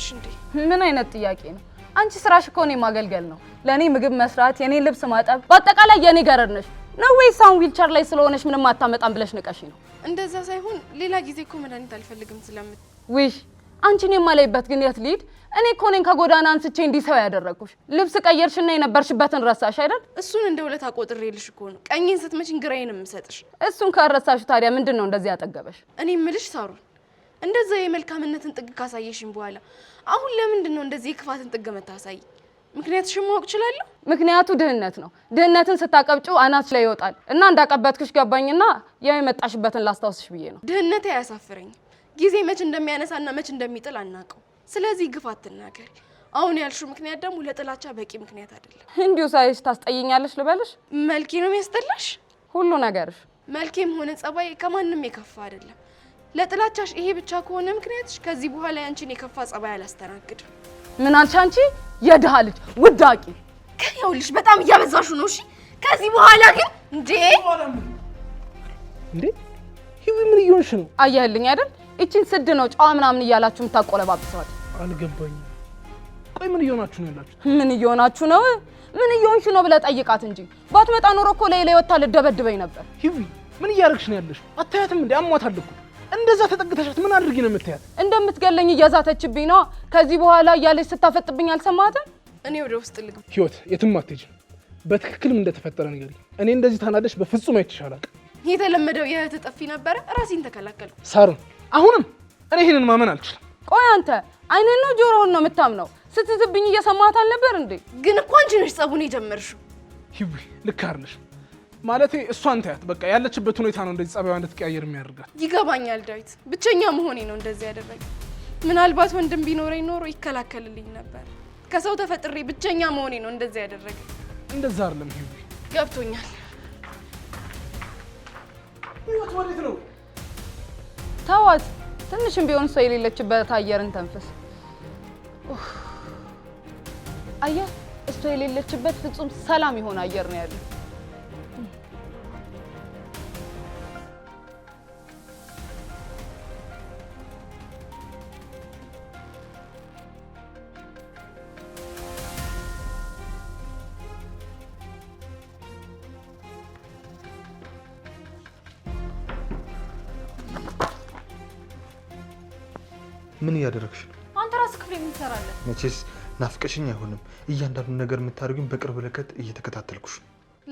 ትችላለሽ እንዴ? ምን አይነት ጥያቄ ነው? አንቺ ስራሽ እኮ እኔ ማገልገል ነው። ለእኔ ምግብ መስራት፣ የኔ ልብስ ማጠብ፣ በአጠቃላይ የኔ ገረድ ነሽ ነው ወይስ አሁን ዊልቸር ላይ ስለሆነሽ ምንም አታመጣም ብለሽ ንቀሽ ነው? እንደዛ ሳይሆን ሌላ ጊዜ እኮ መድኃኒት አልፈልግም ስለምት ውሽ አንቺን የማላይበት ግን የት ልሂድ? እኔ እኮ ከጎዳና አንስቼ እንዲህ ሰው ያደረግኩሽ። ልብስ ቀየርሽና የነበርሽበትን ረሳሽ አይደል? እሱን እንደ ውለታ አቆጥሬልሽ እኮ ነው። ቀኝን ስትመጪኝ ግራዬን የምሰጥሽ። እሱን ካልረሳሽ ታዲያ ምንድን ነው እንደዚህ ያጠገበሽ? እኔ ምልሽ ሳሩን እንደዛ የመልካምነትን ጥግ ካሳየሽኝ በኋላ አሁን ለምንድን ነው እንደዚህ የክፋትን ጥግ መታሳይ? ምክንያትሽን ማወቅ እችላለሁ? ምክንያቱ ድህነት ነው። ድህነትን ስታቀብጩ አናት ላይ ይወጣል እና እንዳቀበጥኩሽ ገባኝና ያው የመጣሽበትን ላስታውስሽ ብዬ ነው። ድህነት አያሳፍረኝም። ጊዜ መች እንደሚያነሳና መች እንደሚጥል አናውቀው። ስለዚህ ግፋት አትናገሪ። አሁን ያልሹ ምክንያት ደግሞ ለጥላቻ በቂ ምክንያት አይደለም። እንዲሁ ሳይሽ ታስጠይኛለሽ ልበልሽ? መልኬ ነው የሚያስጠላሽ? ሁሉ ነገርሽ። መልኬም ሆነ ጸባይ ከማንም የከፋ አይደለም። ለጥላቻሽ ይሄ ብቻ ከሆነ ምክንያትሽ ከዚህ በኋላ ያንቺን የከፋ ጸባይ አላስተናግድም። ምን አልሽ አንቺ የድሃ ልጅ ውዳቂ? ይኸውልሽ በጣም እያበዛሹ ነው። እሺ ከዚህ በኋላ ግን እንዴ እንዴ ህይወ ምን እየሆንሽ ነው? አያልኝ አይደል እቺን ስድ ነው ጨዋ ምናምን እያላችሁ የምታቆለባብሰዋል። አልገባኝ። ቆይ ምን እየሆናችሁ ነው ያላችሁ? ምን እየሆናችሁ ነው? ምን እየሆንሽ ነው ብለህ ጠይቃት እንጂ ባትመጣ ኖሮ እኮ ላይ ላይ ወታ ልደበድበኝ ነበር። ህይወ ምን እያደረግሽ ነው ያለሽ? አታያትም እንዴ አሟታል እኮ እንደዛ ተጠግተሻት ምን አድርጊ ነው የምትያት? እንደምትገለኝ እያዛተችብኝ ነዋ። ከዚህ በኋላ እያለች ስታፈጥብኝ አልሰማትም። እኔ ወደ ውስጥ ልግ። ህይወት የትም አትሄጂም። በትክክልም እንደተፈጠረ ንገሪኝ። እኔ እንደዚህ ታናደሽ በፍጹም አይተሻላቅ። የተለመደው የእህት ጠፊ ነበረ። ራሴን ተከላከልኩ። ሳሩን፣ አሁንም እኔ ይህንን ማመን አልችልም። ቆይ አንተ አይንህን ነው ጆሮውን ነው የምታምነው? ስትዝብኝ እየሰማት አልነበር እንዴ? ግን እኮ አንቺ ነሽ ጸቡን የጀመርሽው። ልክ አይደለሽም ማለት እሷን ታያት በቃ ያለችበት ሁኔታ ነው እንደዚህ ጸባዩ እንድትቀያየር የሚያደርጋት። ይገባኛል ዳዊት፣ ብቸኛ መሆኔ ነው እንደዚህ ያደረገ። ምናልባት ወንድም ቢኖረኝ ኖሮ ይከላከልልኝ ነበር። ከሰው ተፈጥሬ ብቸኛ መሆኔ ነው እንደዚህ ያደረገ። እንደዛ አይደለም ሄ ገብቶኛል። ህይወት ወዴት ነው። ተዋት፣ ትንሽም ቢሆን እሷ የሌለችበት አየርን ተንፍስ። አየር እሷ የሌለችበት ፍጹም ሰላም የሆነ አየር ነው ያለው። ምን እያደረግሽ ነው? አንተ ራስ ክፍል የምትሰራለህ። መቼስ ናፍቀሽኝ አይሆንም። እያንዳንዱ ነገር የምታደርጉኝ በቅርብ ለከት እየተከታተልኩሽ።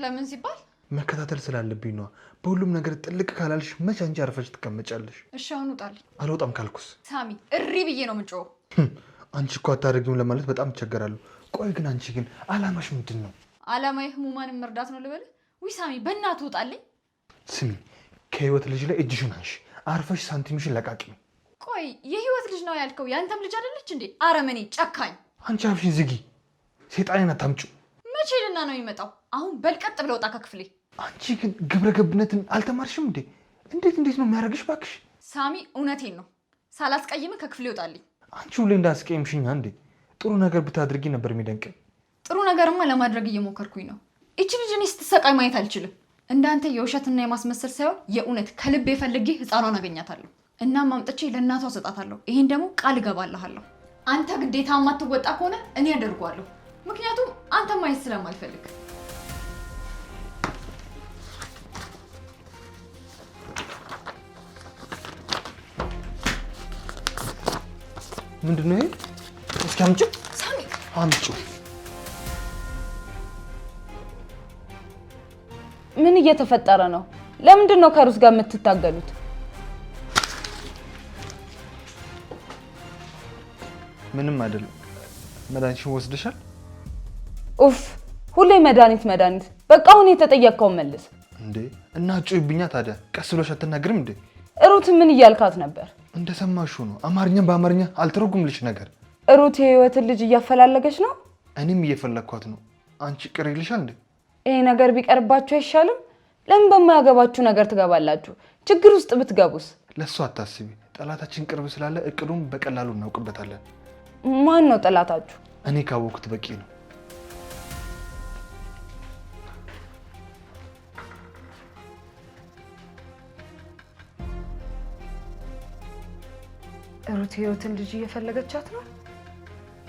ለምን ሲባል መከታተል ስላለብኝ ነዋ። በሁሉም ነገር ጥልቅ ካላልሽ መቼ አንቺ አርፈሽ ትቀመጫለሽ? እሺ አሁን ውጣልኝ። አልወጣም ካልኩስ? ሳሚ እሪ ብዬ ነው የምጮኸው። አንቺ እኮ አታደርጊም ለማለት በጣም እቸገራለሁ። ቆይ ግን አንቺ ግን አላማሽ ምንድን ነው? አላማ ህሙማን መርዳት ነው ልበል? ውይ ሳሚ በእናትህ ውጣልኝ። ስሚ ከህይወት ልጅ ላይ እጅሽን አንሺ። አርፈሽ ሳንቲምሽን ለቃቂ ነው ቆይ የህይወት ልጅ ነው ያልከው ያንተም ልጅ አይደለች እንዴ? አረመኔ ጨካኝ! አንቺ አፍሽን ዝጊ፣ ሴጣኔን አታምጪው። መቼ ልና ነው የሚመጣው? አሁን በልቀጥ ብለው ወጣ ከክፍሌ። አንቺ ግን ግብረ ገብነትን አልተማርሽም እንዴ? እንዴት እንዴት ነው የሚያደርግሽ? እባክሽ ሳሚ፣ እውነቴን ነው ሳላስቀይም ከክፍሌ ይወጣልኝ። አንቺ ሁሌ እንዳስቀይምሽኝ እንዴ? ጥሩ ነገር ብታድርጊ ነበር የሚደንቀኝ። ጥሩ ነገርማ ለማድረግ እየሞከርኩኝ ነው። እቺ ልጅ እኔ ስትሰቃይ ማየት አልችልም። እንዳንተ የውሸትና የማስመሰል ሳይሆን የእውነት ከልብ የፈልጌ ህፃኗን አገኛታለሁ። እናም አምጥቼ ለእናቷ ሰጣታለሁ። ይሄን ደግሞ ቃል እገባልሃለሁ። አንተ ግዴታ ማትወጣ ከሆነ እኔ አደርጓለሁ። ምክንያቱም አንተ ማየት ስለማልፈልግ ምንድን ነው ይሄ? እስኪ አምጪው፣ አምጪው። ምን እየተፈጠረ ነው? ለምንድን ነው ከሩስ ጋር የምትታገሉት? ምንም አይደለም። መድኃኒትሽን ወስደሻል? ኡፍ ሁሌ መድኃኒት መድኃኒት። በቃ አሁን የተጠየቅከውን መልስ። እንዴ እና ጩይብኛ ታዲያ ቀስ ብሎሽ አትናገርም እንዴ? እሩት ምን እያልካት ነበር? እንደሰማሽው ነው። አማርኛም በአማርኛ አልተረጉምልሽ ነገር። እሩት የህይወትን ልጅ እያፈላለገች ነው። እኔም እየፈለግኳት ነው። አንቺ ቅር ይልሻል እንዴ? ይሄ ነገር ቢቀርባችሁ አይሻልም? ለምን በማያገባችሁ ነገር ትገባላችሁ? ችግር ውስጥ ብትገቡስ? ለእሱ አታስቢ። ጠላታችን ቅርብ ስላለ እቅዱን በቀላሉ እናውቅበታለን። ማን ነው ጠላታችሁ? እኔ ካወኩት በቂ ነው። ሩት ህይወትን ልጅ እየፈለገቻት ነው።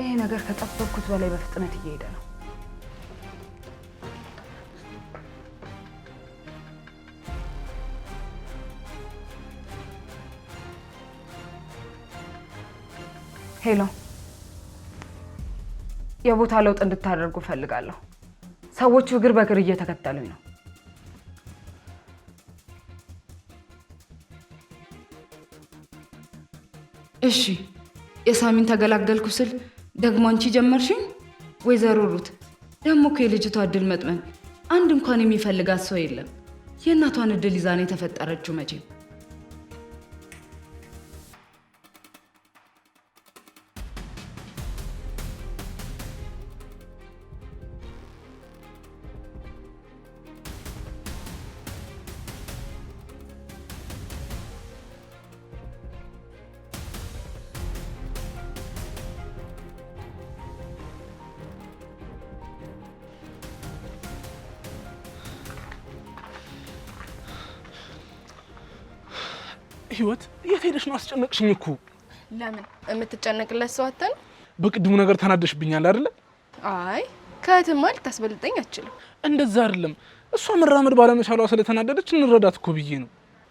ይሄ ነገር ከጠበኩት በላይ በፍጥነት እየሄደ ነው። ሄሎ የቦታ ለውጥ እንድታደርጉ እፈልጋለሁ። ሰዎቹ እግር በእግር እየተከተሉኝ ነው። እሺ፣ የሳሚን ተገላገልኩ ስል ደግሞ አንቺ ጀመርሽኝ? ወይዘሮ ሩት ደግሞ እኮ የልጅቷ እድል መጥመን አንድ እንኳን የሚፈልጋት ሰው የለም። የእናቷን እድል ይዛኔ የተፈጠረችው መቼም ህይወት የት ሄደሽ ነው? አስጨነቅሽኝ እኮ። ለምን የምትጨነቅለት ሰው አተን? በቅድሙ ነገር ተናደሽብኛል አይደለ? አይ ከእህትማ ልታስበልጠኝ አችልም። እንደዛ አይደለም እሷ መራመድ ባለመቻሏ ስለተናደደች እንረዳት እኮ ብዬ ነው።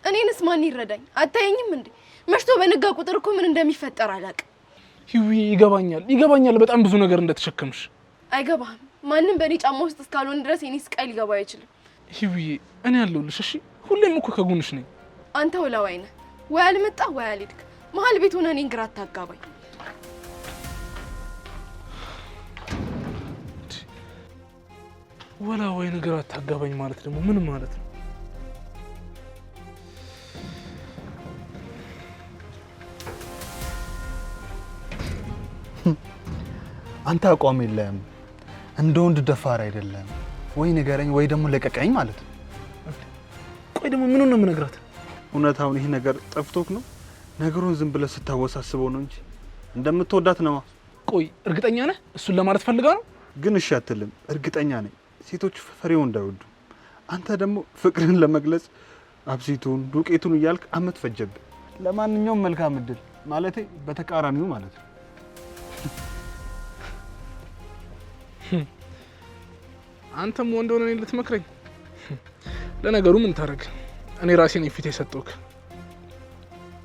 እኔንስ ማን ይረዳኝ? አታየኝም እንዴ? መሽቶ በነጋ ቁጥር እኮ ምን እንደሚፈጠር አላቅ ህዊ ይገባኛል፣ ይገባኛል በጣም ብዙ ነገር እንደተሸከምሽ። አይገባህም። ማንም በእኔ ጫማ ውስጥ እስካልሆን ድረስ የኔ ስቃይ ሊገባ አይችልም። ህዊ እኔ ያለሁልሽ እሺ። ሁሌም እኮ ከጎንሽ ነኝ። አንተ ወላዋይ ነህ። ወይ አልመጣ ወይ አልሄድክ። መሀል ቤት ሆነ እኔን ግራ አታጋባኝ። ወላ ወይ ግራ አታጋባኝ ማለት ደግሞ ምን ማለት ነው? አንተ አቋም የለም፣ እንደ ወንድ ደፋር አይደለም። ወይ ንገረኝ ወይ ደግሞ ለቀቀኝ ማለት ነው። ቆይ ደግሞ ምኑን ነው የምነግራት? እውነት አሁን ይህ ነገር ጠፍቶክ ነው? ነገሩን ዝም ብለህ ስታወሳስበው ነው እንጂ እንደምትወዳት ነዋ። ቆይ እርግጠኛ ነህ? እሱን ለማለት ፈልጋ ነው። ግን እሺ አትልም። እርግጠኛ ነኝ። ሴቶች ፍሬውን እንዳይወዱ፣ አንተ ደግሞ ፍቅርን ለመግለጽ አብሲቱን ዱቄቱን እያልክ አመት ፈጀብ ለማንኛውም መልካም እድል ማለቴ በተቃራኒው ማለት ነው። አንተም ወንድ ሆነህ እኔን ልትመክረኝ? ለነገሩ ምን ታደርግ እኔ ራሴ ነኝ ፊት የሰጠውክ።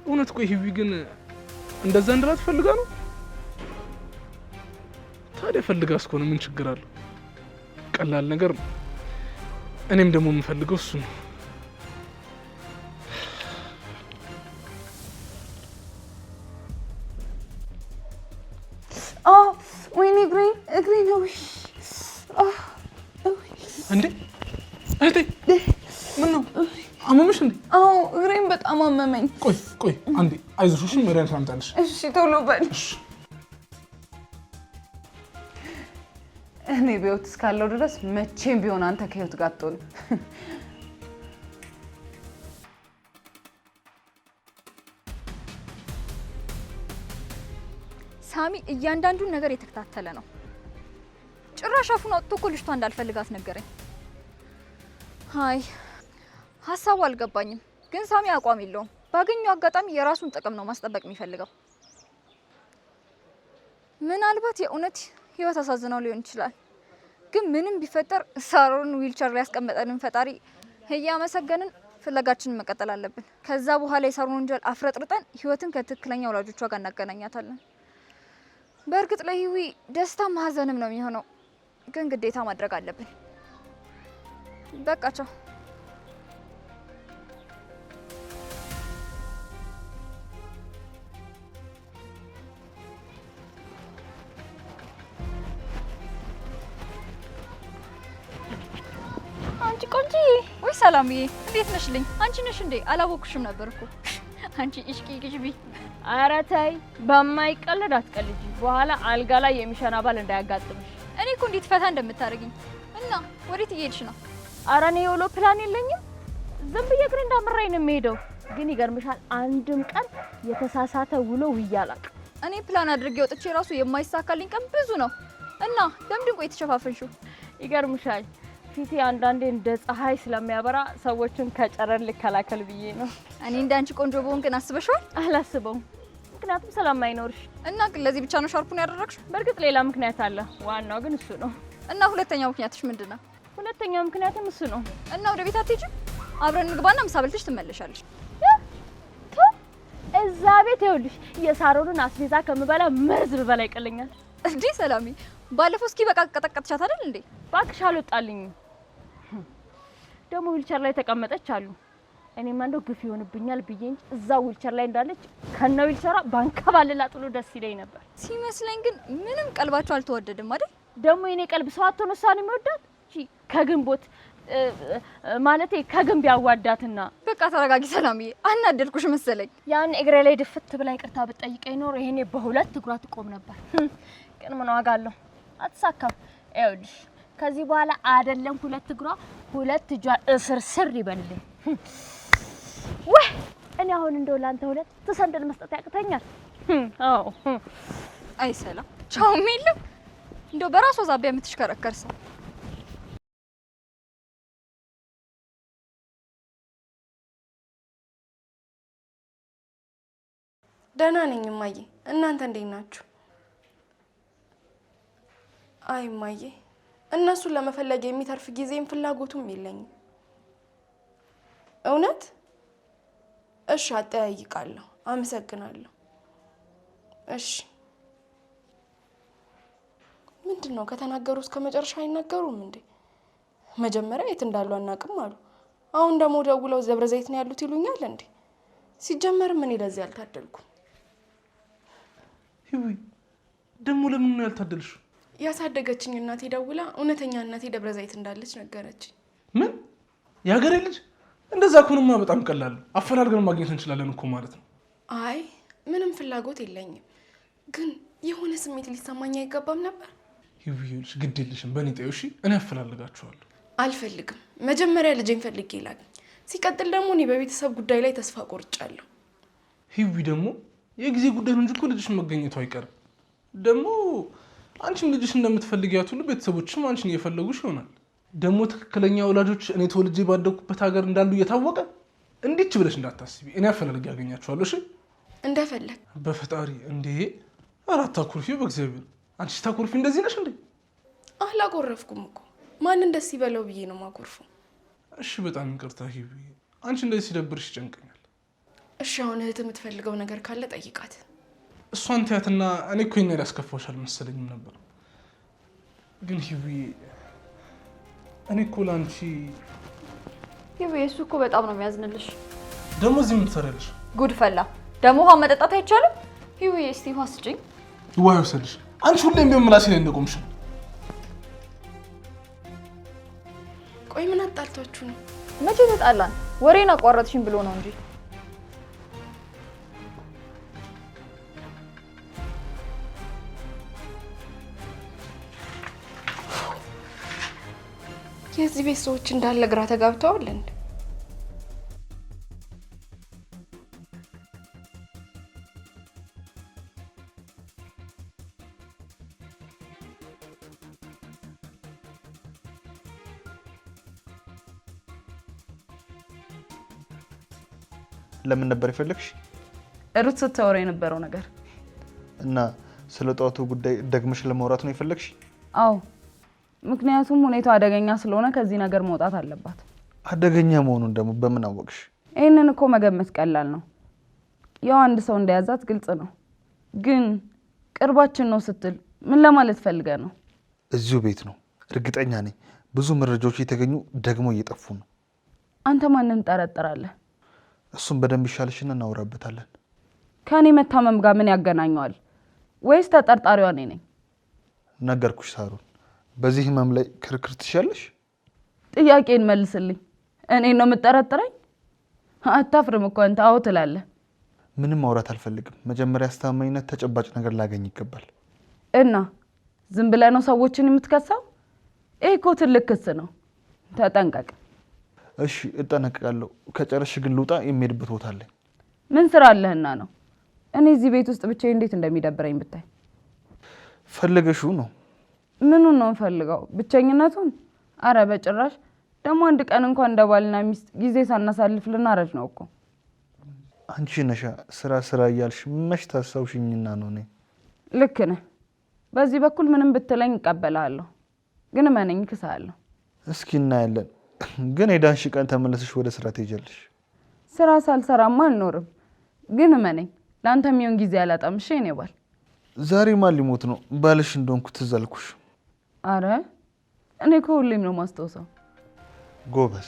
እውነት ቆይ ህዊ ግን እንደዛ እንድላት ፈልጋ ነው? ታዲያ ፈልጋ እስከሆነ ምን ችግር አለው? ቀላል ነገር ነው። እኔም ደግሞ የምፈልገው እሱ ነው። ወይኔ እግሬ እግሬ ነው እንዴ እህቴ አመመሽ እንዴ? አዎ እግሬም በጣም አመመኝ። ቆይ ቆይ አንዴ አይዞሽ፣ እሺ መድኃኒት ላምጣልሽ። እሺ ቶሎ በል። እኔ በሕይወት እስካለው ድረስ መቼም ቢሆን አንተ ከሕይወት ጋር አትሆንም። ሳሚ እያንዳንዱን ነገር የተከታተለ ነው። ጭራሽ አፉን አውጥቶ እኮ ልጅቷ እንዳልፈልጋት ነገረኝ። አይ ሀሳቡ አልገባኝም፣ ግን ሳሚ አቋም የለውም። ባገኘው አጋጣሚ የራሱን ጥቅም ነው ማስጠበቅ የሚፈልገው። ምናልባት የእውነት ህይወት አሳዝነው ሊሆን ይችላል። ግን ምንም ቢፈጠር ሳሮን ዊልቸር ላይ ፈጣሪ እያመሰገንን ፍለጋችንን መቀጠል አለብን። ከዛ በኋላ የሳሮን ወንጀል አፍረጥርጠን ህይወትን ከትክክለኛ ወላጆቿ ጋር እናገናኛታለን። በእርግጥ ለህዊ ደስታ ማህዘንም ነው የሚሆነው፣ ግን ግዴታ ማድረግ አለብን። በቃቸው። ሰላምዬ እንዴት ነሽልኝ? አንቺ ነሽ እንዴ? አላወኩሽም ነበር እኮ አንቺ እሽቂ ግጅቢ። ኧረ ተይ፣ በማይቀልድ አትቀልጂ። በኋላ አልጋ ላይ የሚሸና ባል እንዳያጋጥምሽ። እኔ እኮ እንዴት ፈታ እንደምታደርግኝ እና ወዴት እየሄድሽ ነው? ኧረ እኔ የውሎ ፕላን የለኝም። ዝም ብዬ ግን እንዳምራኝ ነው የምሄደው። ግን ይገርምሻል፣ አንድም ቀን የተሳሳተ ውሎ ውያላቅ። እኔ ፕላን አድርጌ ወጥቼ ራሱ የማይሳካልኝ ቀን ብዙ ነው። እና ለምንድን ቆይ የተሸፋፍንሽው? ይገርምሻል ፊቴ አንዳንዴ እንደ ፀሐይ ስለሚያበራ ሰዎችን ከጨረር ልከላከል ብዬ ነው። እኔ እንዳንቺ ቆንጆ በሆን ግን አስበሽዋል? አላስበውም፣ ምክንያቱም ሰላም አይኖርሽ እና ግን ለዚህ ብቻ ነው ሻርፑን ያደረግሽ? በእርግጥ ሌላ ምክንያት አለ፣ ዋናው ግን እሱ ነው። እና ሁለተኛው ምክንያትሽ ምንድን ነው? ሁለተኛው ምክንያትም እሱ ነው። እና ወደ ቤት አትሄጂም? አብረን ምግባና ምሳ በልተሽ ትመለሻለሽ። እዛ ቤት ይኸውልሽ የሳሮንን አስቤዛ ከምበላ መርዝ ብበላ ይቀለኛል። እንዴ ሰላሜ፣ ባለፈው እስኪ በቃ ቀጠቀጥሻት አይደል እንዴ? እባክሽ አልወጣልኝም። ደግሞ ዊልቸር ላይ ተቀመጠች አሉ። እኔም እንደው ግፍ ይሆንብኛል ብዬ እንጂ እዛ ዊልቸር ላይ እንዳለች ከነ ዊልቸሯ ባንከባልላ ጥሎ ደስ ይለኝ ነበር። ሲመስለኝ ግን ምንም ቀልባቸው አልተወደድም አይደል? ደግሞ የኔ ቀልብ ሰው አትሆን እሷን የሚወዳት ከግንቦት ማለቴ ከግንብ ያዋዳትና። በቃ ተረጋጊ ሰላምዬ፣ አናደድኩሽ መሰለኝ። ያን እግሬ ላይ ድፍት ብላ ይቅርታ ብጠይቀኝ ኖሮ ይሄኔ በሁለት እግሯ ትቆም ነበር። ግን ምን ዋጋ አለው? አትሳካም። ይኸውልሽ ከዚህ በኋላ አይደለም ሁለት እግሯ ሁለት እጇ እስር ስር ይበልልኝ። ወይ እኔ አሁን እንደው ላንተ ሁለት ሰንደል መስጠት ያቅተኛል። አዎ አይ ቻውም የለም እንደው በራሷ ዛቢያ የምትሽከረከር ሰው ደህና ነኝ እማዬ። እናንተ እንዴት ናችሁ? አይ እማዬ እነሱን ለመፈለግ የሚተርፍ ጊዜም ፍላጎቱም የለኝም። እውነት እሺ፣ አጠያይቃለሁ። አመሰግናለሁ። እሺ፣ ምንድን ነው ከተናገሩ እስከ መጨረሻ አይናገሩም እንዴ? መጀመሪያ የት እንዳሉ አናውቅም አሉ። አሁን ደግሞ ደውለው ደብረ ዘይት ነው ያሉት ይሉኛል እንዴ? ሲጀመር ምን ለዚህ አልታደልኩም። ደግሞ ለምን ነው ያልታደልሽው? ያሳደገችኝ እናቴ ደውላ እውነተኛ እናቴ ደብረ ዘይት እንዳለች ነገረችኝ። ምን የሀገሬ ልጅ እንደዛ ከሆነማ በጣም ቀላል አፈላልገን ማግኘት እንችላለን እኮ ማለት ነው። አይ ምንም ፍላጎት የለኝም፣ ግን የሆነ ስሜት ሊሰማኝ አይገባም ነበር። ይብዩልሽ ግድ የለሽም፣ በእኔ ጠዩ እሺ። እኔ አፈላልጋችኋለሁ። አልፈልግም። መጀመሪያ ልጄን ፈልጌ ላግኝ፣ ሲቀጥል ደግሞ እኔ በቤተሰብ ጉዳይ ላይ ተስፋ ቆርጫለሁ። ሂዊ ደግሞ የጊዜ ጉዳይ ነው እንጂ እኮ ልጅሽ መገኘቱ አይቀርም ደግሞ አንቺም ልጅሽ እንደምትፈልጊያት ሁሉ ቤተሰቦችም አንቺን እየፈለጉሽ ይሆናል። ደግሞ ትክክለኛ ወላጆች እኔ ተወልጄ ባደግኩበት ሀገር እንዳሉ እየታወቀ እንዲች ብለሽ እንዳታስቢ። እኔ አፈላልጌ ያገኛቸዋለሁ። እሺ እንደፈለግ በፈጣሪ እንዴ! አራት ታኮርፊ፣ በእግዚአብሔር አንቺ ታኮርፊ። እንደዚህ ነሽ እንዴ? አላጎረፍኩም እኮ ማንን ደስ ይበለው ብዬ ነው ማኮርፎ እሺ በጣም ይቅርታ ሂዊ። አንቺ እንደዚህ ሲደብርሽ ይጨንቀኛል። እሺ አሁን እህት የምትፈልገው ነገር ካለ ጠይቃት። እሷን ትያትና እኔ እኮ ይናል ያስከፋዎች አልመሰለኝም ነበር። ግን ሂዊ እኔ እኮ ለአንቺ ሂዊ እሱ እኮ በጣም ነው የሚያዝንልሽ። ደግሞ እዚህ ምን ትሰሪያለሽ? ጉድ ፈላ። ደግሞ ውሃ መጠጣት አይቻልም? ሂዊ እስቲ ውሃ ስጭኝ። ውሃ ይወሰድሽ። አንቺ ሁሌም ቢሆን ምላሴ ላይ እንደቆምሽ። ቆይ ምን አጣልታችሁ ነው? መቼ ተጣላን? ወሬን አቋረጥሽኝ ብሎ ነው እንጂ የዚህ ቤት ሰዎች እንዳለ ግራ ተጋብተዋል። እንደ ለምን ነበር የፈለግሽ? ሩት ስታወራ የነበረው ነገር እና ስለ ጠዋቱ ጉዳይ ደግመሽ ለማውራት ነው የፈለግሽ? አዎ ምክንያቱም ሁኔታው አደገኛ ስለሆነ ከዚህ ነገር መውጣት አለባት። አደገኛ መሆኑን ደግሞ በምን አወቅሽ? ይህንን እኮ መገመት ቀላል ነው። ያው አንድ ሰው እንደያዛት ግልጽ ነው። ግን ቅርባችን ነው ስትል ምን ለማለት ፈልገ ነው? እዚሁ ቤት ነው እርግጠኛ ነኝ። ብዙ መረጃዎች እየተገኙ ደግሞ እየጠፉ ነው። አንተ ማንን ጠረጥራለህ? እሱም በደንብ ይሻልሽና እናወራበታለን። ከእኔ መታመም ጋር ምን ያገናኘዋል? ወይስ ተጠርጣሪዋ እኔ ነኝ? ነገርኩሽ ሳሩን በዚህ ህመም ላይ ክርክር ትሻለሽ? ጥያቄን መልስልኝ። እኔን ነው የምጠረጥረኝ? አታፍርም እኮ አንተ። አዎ ትላለህ። ምንም ማውራት አልፈልግም። መጀመሪያ አስተማማኝነት፣ ተጨባጭ ነገር ላገኝ ይገባል። እና ዝም ብለህ ነው ሰዎችን የምትከሳው? ይህ እኮ ትልቅ ክስ ነው። ተጠንቀቅ። እሺ እጠነቀቃለሁ። ከጨረሽ ግን ልውጣ፣ የሚሄድበት ቦታ አለኝ። ምን ስራ አለህና ነው? እኔ እዚህ ቤት ውስጥ ብቻዬን እንዴት እንደሚደብረኝ ብታይ። ፈለገሽው ነው ምኑን ነው ምፈልገው ብቸኝነቱን? አረ በጭራሽ። ደግሞ አንድ ቀን እንኳን እንደ ባልና ሚስት ጊዜ ሳናሳልፍ ልናረጅ ነው እኮ። አንቺ ነሻ ስራ ስራ እያልሽ መች ታሳውሽኝና ነው? እኔ ልክ ነህ። በዚህ በኩል ምንም ብትለኝ እቀበላለሁ፣ ግን መነኝ ክሳለሁ። እስኪ እናያለን። ግን የዳንሽ ቀን ተመለስሽ ወደ ስራ ትሄጃለሽ። ስራ ሳልሰራማ አልኖርም፣ ግን መነኝ ለአንተ የሚሆን ጊዜ ያላጣምሽ ኔ ባል። ዛሬ ማን ሊሞት ነው? ባልሽ እንደሆንኩ ትዝ አልኩሽ። አረ እኔ እኮ ሁሌም ነው ማስታውሰው። ጎበዝ።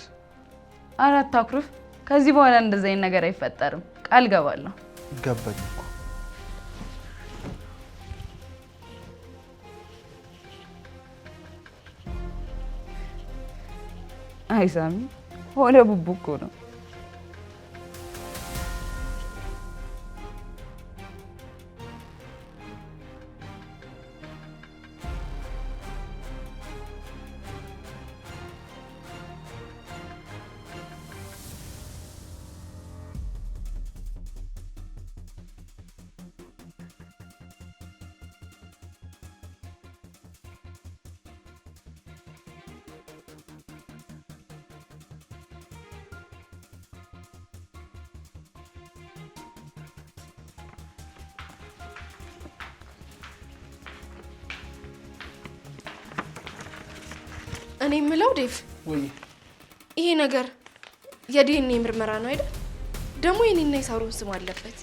አረ አታኩርፍ። ከዚህ በኋላ እንደዚህ አይነት ነገር አይፈጠርም፣ ቃል ገባለሁ። ገባኝ እኮ አይሳሚ ሆነ ቡቡ እኮ ነው ዴቭ፣ ይሄ ነገር የዲኤንኤ ምርመራ ነው አይደል? ደግሞ የኔና የሳሮን ስም አለበት።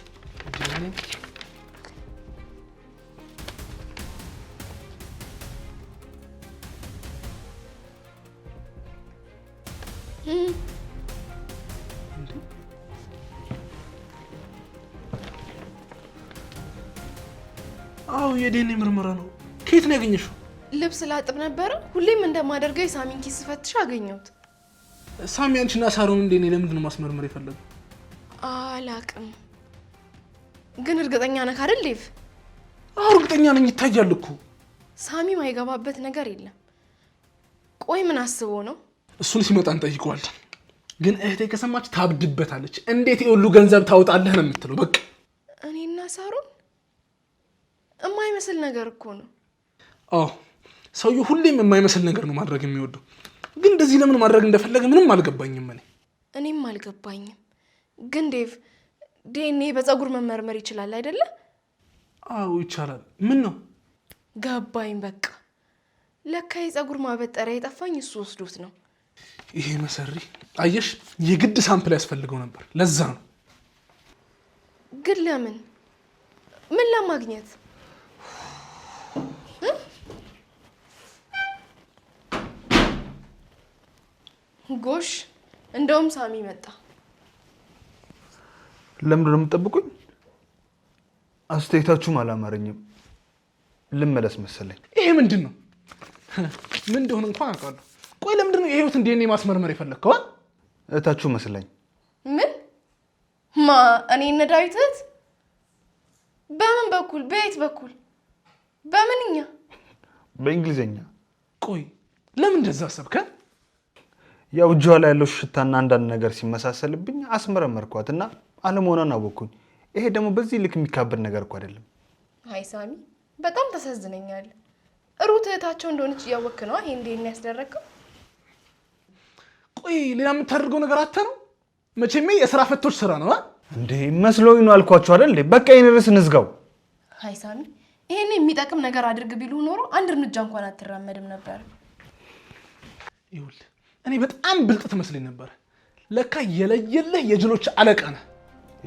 አዎ የዲኤንኤ ምርመራ ነው። ከየት ነው ያገኘሽው? ልብስ ላጥብ ነበረ። ሁሌም እንደማደርገው የሳሚን ኪስ ፈትሽ አገኘሁት። ሳሚ አንቺና ሳሮን እንዴ እኔ ለምንድን ነው ማስመርመር የፈለጉ? አላቅም ግን እርግጠኛ ነህ አይደል ዴቭ? አዎ እርግጠኛ ነኝ። ይታያል እኮ ሳሚ ማይገባበት ነገር የለም። ቆይ ምን አስቦ ነው? እሱን ሲመጣ እንጠይቀዋለን። ግን እህቴ ከሰማች ታብድበታለች። እንዴት የሁሉ ገንዘብ ታውጣለህ ነው የምትለው። በቃ እኔና ሳሮን የማይመስል ነገር እኮ ነው። አዎ ሰውየው ሁሌም የማይመስል ነገር ነው ማድረግ የሚወደው። ግን እንደዚህ ለምን ማድረግ እንደፈለገ ምንም አልገባኝም። እኔ እኔም አልገባኝም። ግን ዴቭ ዲኤንኤ በፀጉር መመርመር ይችላል አይደለ? አዎ ይቻላል። ምን ነው ገባኝ። በቃ ለካ የፀጉር ማበጠሪያ የጠፋኝ እሱ ወስዶት ነው። ይሄ መሰሪ አየሽ፣ የግድ ሳምፕል ያስፈልገው ነበር። ለዛ ነው። ግን ለምን ምን ለማግኘት ጎሽ፣ እንደውም ሳሚ መጣ። ለምንድን ነው የምትጠብቁኝ? አስተያየታችሁም አላማረኝም። ልመለስ መሰለኝ። ይሄ ምንድን ነው? ምን እንደሆነ እንኳን አውቃለሁ። ቆይ ለምንድን ነው የህይወት እንደ እኔ ማስመርመር የፈለግከው? እህታችሁ መስለኝ። ምን ማ እኔ እነ ዳዊት እህት? በምን በኩል? በየት በኩል? በምንኛ? በእንግሊዝኛ። ቆይ ለምን እንደዛ አሰብከ? ያው እጇ ላይ ያለው ሽታና አንዳንድ ነገር ሲመሳሰልብኝ አስመረመርኳት እና አለመሆኗን አወቅኩኝ። ይሄ ደግሞ በዚህ ልክ የሚካበድ ነገር እኮ አይደለም። አይ ሳሚ፣ በጣም ተሰዝነኛል። ሩት እህታቸው እንደሆነች እያወክ ነው ይሄ እንዴ የሚያስደረገው? ቆይ ሌላ የምታደርገው ነገር አተ ነው። መቼሜ የስራ ፈቶች ስራ ነው እንዴ መስሎኝ ነው አልኳቸው አይደል እንዴ። በቃ ይህን ርዕስ እንዝጋው። አይ ሳሚ፣ ይሄን የሚጠቅም ነገር አድርግ ቢሉ ኖሮ አንድ እርምጃ እንኳን አትራመድም ነበር። ይኸውልህ እኔ በጣም ብልጥ ትመስልኝ ነበር። ለካ የለየለህ የጅሎች አለቃ ነህ።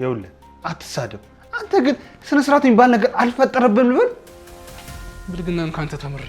ይኸውልህ አትሳደብ። አንተ ግን ስነ ስርዓት የሚባል ነገር አልፈጠረብህም ልበል? ብልግናን ከአንተ ተምሬ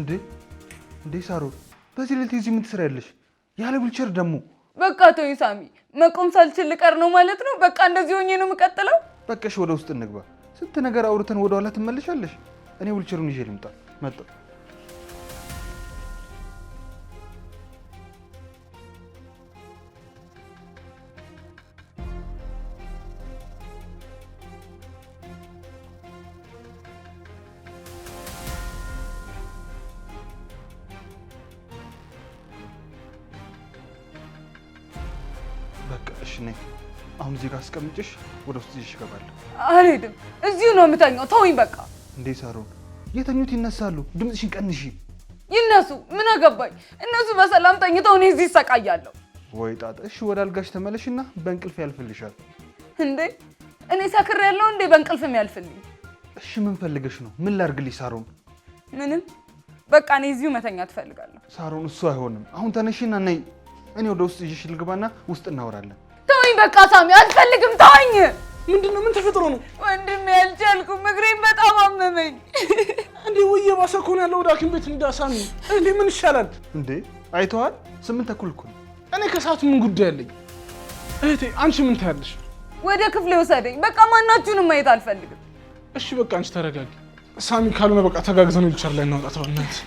እንዴ እንዴ ሳሮን በዚህ ሌሊት እዚህ ምን ትሰሪያለሽ? ያለ ዊልቸር ደግሞ በቃ ተወኝ ሳሚ፣ መቆም ሳልችል ልቀር ነው ማለት ነው። በቃ እንደዚህ ሆኜ ነው የምቀጥለው። በቃሽ፣ ወደ ውስጥ እንግባ። ስንት ነገር አውርተን ወደ ትመለሻለሽ። እኔ ዊልቸሩን ይዤ ልምጣ መጣ እሺ ነይ። አሁን እዚህ ጋር አስቀምጭሽ ወደ ውስጥ ይዤሽ እገባለሁ። አልሄድም። እዚሁ ነው የምተኛው። ተውኝ በቃ። እንዴ ሳሮን፣ የተኙት ይነሳሉ። ድምፅሽን ቀንሺ። ይነሱ፣ ምን አገባኝ። እነሱ በሰላም ተኝተው እኔ እዚህ ይሰቃያለሁ። ወይ ጣጣ። እሺ ወደ አልጋሽ ተመለሽና በእንቅልፍ ያልፍልሻል። እንዴ እኔ ሰክር ያለው እንዴ በእንቅልፍ የሚያልፍልኝ? እሺ ምን ፈልገሽ ነው? ምን ላርግልሽ ሳሮን? ምንም በቃ እኔ እዚሁ መተኛ ትፈልጋለሁ። ሳሮን፣ እሱ አይሆንም። አሁን ተነሽና ነይ። እኔ ወደ ውስጥ ይዤሽ ልግባና ውስጥ እናወራለን። ተወኝ፣ በቃ ሳሚ አልፈልግም፣ ተወኝ። ምንድን ነው? ምን ተፈጥሮ ነው ወንድሜ? አልቻልኩም፣ እግሬን በጣም አመመኝ። እንዴ ወየ የባሰ እኮ ነው ያለው። ወደ ሐኪም ቤት እንዳ ሳሚ። እንዴ ምን ይሻላል እንዴ? አይተዋል፣ ስምንት ተኩል እኮ ነው። እኔ ከሰዓቱ ምን ጉዳይ አለኝ? እህቴ አንቺ ምን ታያለሽ? ወደ ክፍሌ ወሰደኝ። በቃ ማናችሁንም ማየት አልፈልግም። እሺ በቃ አንቺ ተረጋጊ ሳሚ። ካልሆነ በቃ ተጋግዘን ዊልቸር ላይ እናውጣት በእናትህ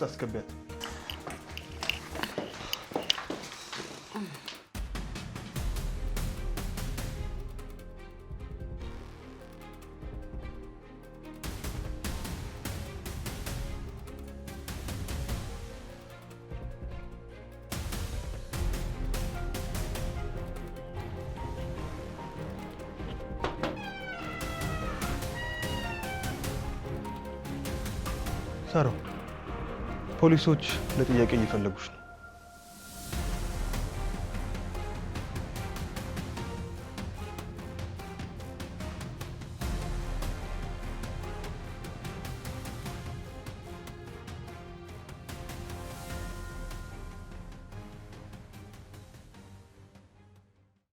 просто скобет. સારું ፖሊሶች ለጥያቄ እየፈለጉሽ ነው።